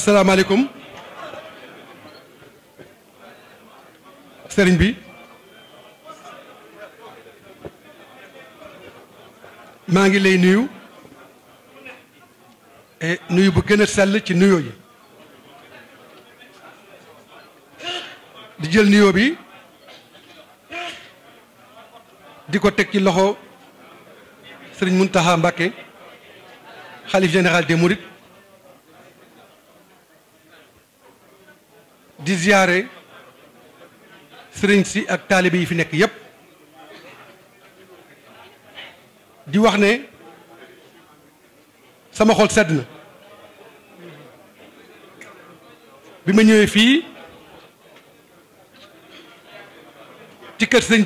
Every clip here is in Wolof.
asalaamaaleykum sëriñ bi maa ngi lay nuyu eh, nuyu bu gën a sell ci nuyoo yi di jël nuyoo bi di ko teg ci loxo sëriñ Muntaxa Mbàkke xalif général des Mourides di ziyaare sëriñ si ak taalibe yi fi nekk yépp di wax ne sama xol sedd na bi ma ñëwee fii ci kër sëñ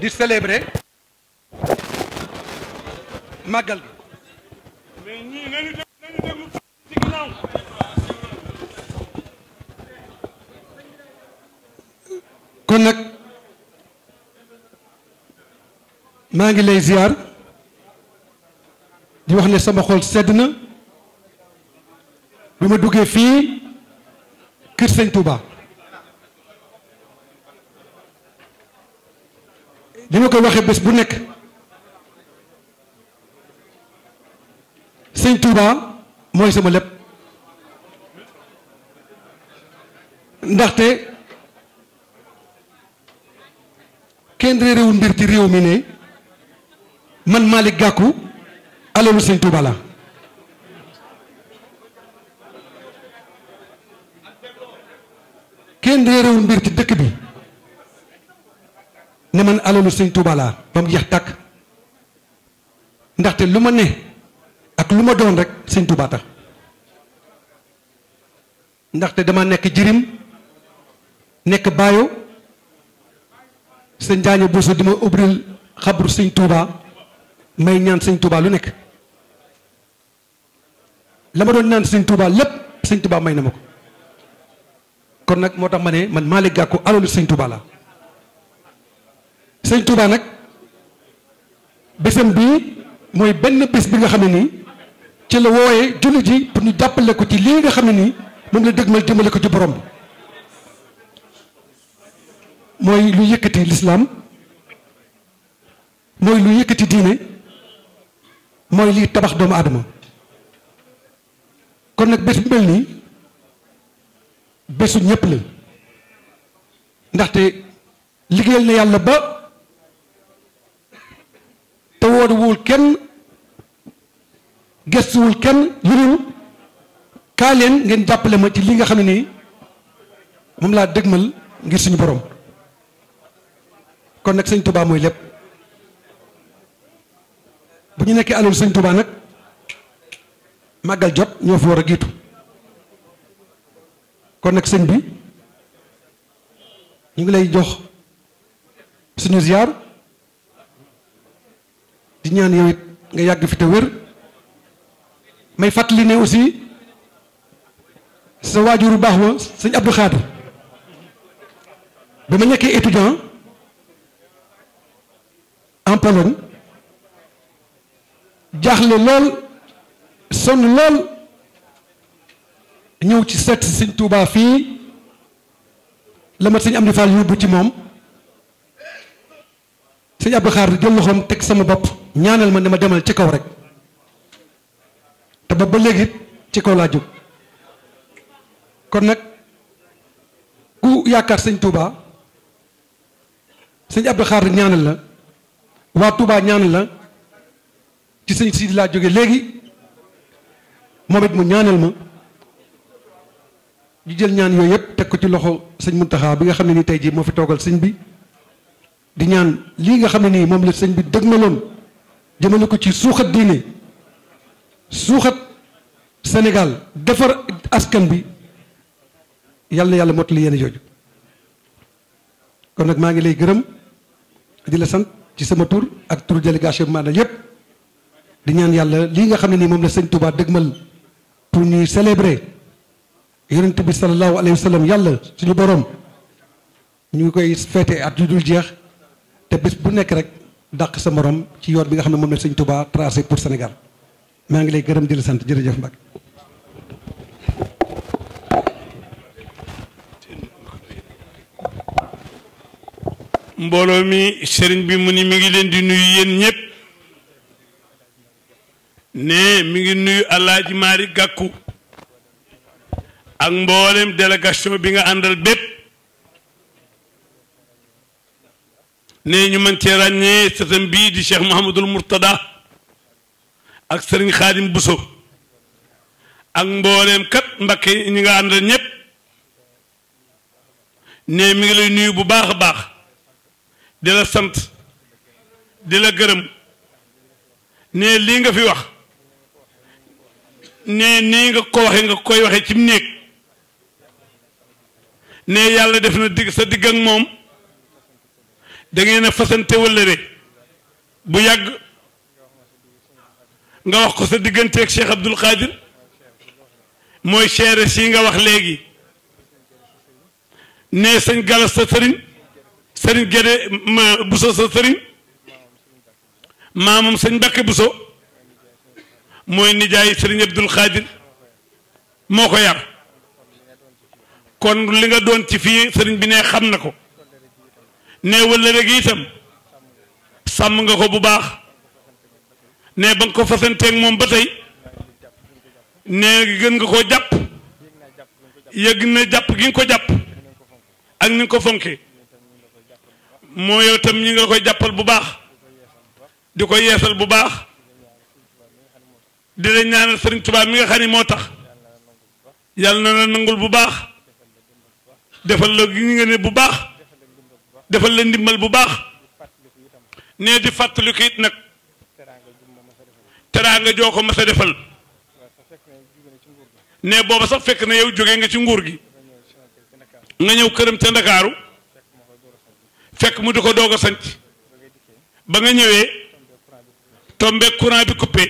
di célébrer màggal كون نك ماغي لاي زيار دي واخني سما خول سدنا بما دوغي في كير سيغ توبا لما كان واخي بس بو نيك سيغ توبا موي سما لب ndaxte kenn réeréwul mbir ci réew mi ne man Malick Gakou alalu Sëñ Tuuba kenn réeréwul mbir ci dëkk bi ne man alalu Sëñ Tuuba la ba mu jeex tàkk ndaxte lu ma ne ak lu ma doon rekk Sëñ Tuuba ndaxte dama nekk jirim nekk baayo sëñ jaañe buusa di ma ubbil xabru sëñ Touba may ñaan sëñ Touba lu nekk la ma doon ñaan sëñ Touba lépp sëñ Touba may na ma ko kon nag moo tax ma ne man Malick Gakou alalu sëñ Touba la sëñ Touba nag bésam bii mooy benn bés bi nga xam ne nii ci la wooyee jullit ji pour ñu jàppale ko ci lii nga xam ne nii moom la ma dimbale ko ci borom bi moy lu yëkëti l'islam moy lu yëkëti diine moy li tabax doomu aadama kon nak bés bu mel nii bésu ñëpp la ndaxte liggéeyal na yàlla ba te wooduwul kenn gëstuwul kenn lu dul kaa leen ngeen jàppale ma ci li nga xam ne nii moom laa dëgmal ngir suñu borom. kon nag sëñ tubaa mooy lépp bu ñu nekkee alal sëñ Touba nag màggal jot ñoo fi war a jiitu kon nag sëñ bi ñu ngi lay jox suñu ziar di ñaan yow nga yàgg fi te wér may fàttali ne aussi sa waajuru baax wa sëñ Abdou Khadir ba ma nekkee étudiant. noppaloon jaaxle lool sonn lool ñëw ci seet si sëñ Tuubaa fii la ma sëñ Amdi Fall yóbbu ci moom sëñ Abdou Khadre jël loxoom teg sama bopp ñaanal ma ne ma demal ci kaw rek te ba ba léegi ci kaw laa jóg kon nag ku yaakaar sëñ Tuubaa sëñ Abdou Khadre ñaanal la waa Touba ñaane la ci sëñ Sidi laa jóge léegi moom it mu ñaanal ma ñu jël ñaan yooyu yëpp teg ko ci loxo sëñ taxaw bi nga xam ne nii tey jii moo fi toogal sëñ bi di ñaan lii nga xam ne nii moom la sëñ bi dëgmaloon jëmale ko ci suuxat diine suuxat Sénégal defar askan bi yàlla na yàlla mottali yéen jooju kon nag maa ngi lay gërëm di la sant. ci sama tour ak tour délégation manal yépp di ñaan yalla li nga xam ne nii la seigne Touba deggmal pour ñuy célébrer yaronte bi sallallahu alayhi wasallam yalla suñu borom ñu koy fété at yu dul jeex té bis bu nek rek dakk sa morom ci yoon bi nga xam mom la seigne Touba tracé pour Sénégal ma ngi lay gërëm di la sant jërëjëf mbak mbooloo mi sëriñ bi mu ni mi ngi leen di nuyu yéen ñépp ne mi ngi nuyu alaaji maari gàkku ak mboolem délégation bi nga àndal bépp ne ñu mën cee ràññee sëtam bii di cheikh Mouhamadul Mourtada ak sëriñ Xaadim Buso ak mbooleem kat Mbakke ñi nga àndal ñépp ne mi ngi lay nuyu bu baax a baax di la sant di la gërëm ne lii nga fi wax ne nii nga ko waxe nga koy waxe ci néeg ne yàlla def na dig sa digg ak moom dangeen ngeen a wëllëre bu yàgg nga wax ko sa digganteeg Cheikh Abdoul Khadir mooy seere sii nga wax léegi ne sëñ galas sa sëriñ sëriñ Gédé ma sa sëriñ maamam sëñ Mbàkke Bousso mooy nijaay sëriñ Abdul Xaadir moo ko yar kon li nga doon ci fii sëriñ bi ne xam na ko ne wala rek itam sàmm nga ko bu baax ne ba nga ko fasanteeg moom ba tey ne gën nga koo jàpp yëg na jàpp gi nga ko jàpp ak ni ko fonkee moo yow tam ñu ngi la koy jàppal bu baax di ko yeesal bu baax di la ñaanal sëriñ Tuubaa mi nga xam moo tax yàlla na la nangul bu baax defal la gi nga ne bu baax defal la ndimbal bu baax nee di fàttali ko it nag teraanga joo ko mas a defal ne booba sax fekk na yow jógee nga ci nguur gi nga ñëw këram ca Ndakaaru fekk mu di ko doo a sanc ba nga ñëwee tombe courant bi coupé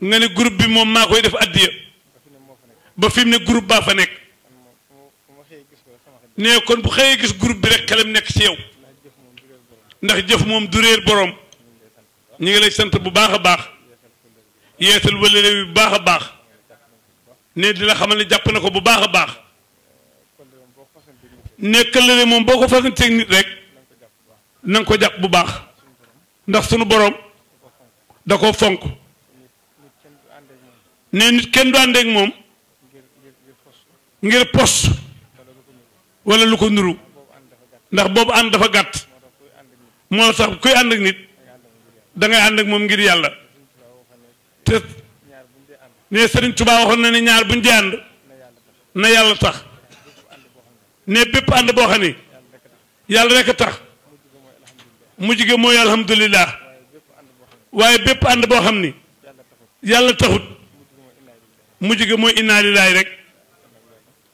nga ne groupe bi moom maa koy def addiya ba fi mu ne groupe baa fa nekk ne kon bu xëyee gis groupe bi rek xelam nekk ci yow ndax jëf moom du réer borom ñu ngi lay sant bu baax a baax yeesal wala réew bu baax a baax ne di la xamal ne jàpp na ko bu baax a baax ne këllëre moom boo ko fasanteeg nit rek na nga ko jàpp bu baax ndax sunu boroom da koo fonk ne nit kenn du àndeeg moom ngir pos walla lu ko nuru ndax boobu ànd dafa gàtt moo tax kuy ànd ak nit dangay ànd ak moom ngir yàlla te ne Sëriñ Tuubaa waxoon na ne ñaar buñ di ànd na yàlla tax ne bépp ànd boo xam ne yàlla rek a tax mujj ga mooy alhamdulilah waaye bépp ànd boo xam ni yàlla taxut mujj ga mooy inna lillahi rek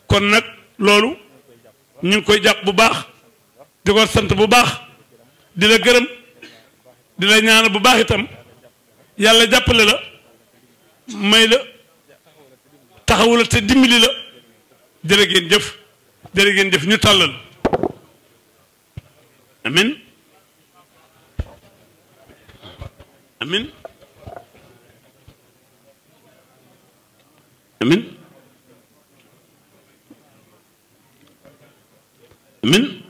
kon nag loolu ñu ngi koy jàpp bu baax di ko sant bu baax di la gërëm di la ñaanal bu baax itam yàlla jàppale la may la taxawula te dimbali la jërë ngeen jëf jërë ngeen jëf ñu tàllal amin amin amin amin